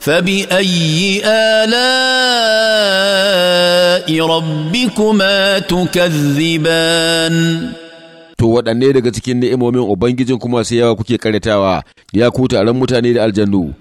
فباي الاء ربكما تكذبان to waɗanne daga cikin ni'imomin ubangijin kuma sai yawa kuke karetawa ya kuta ran mutane da aljannu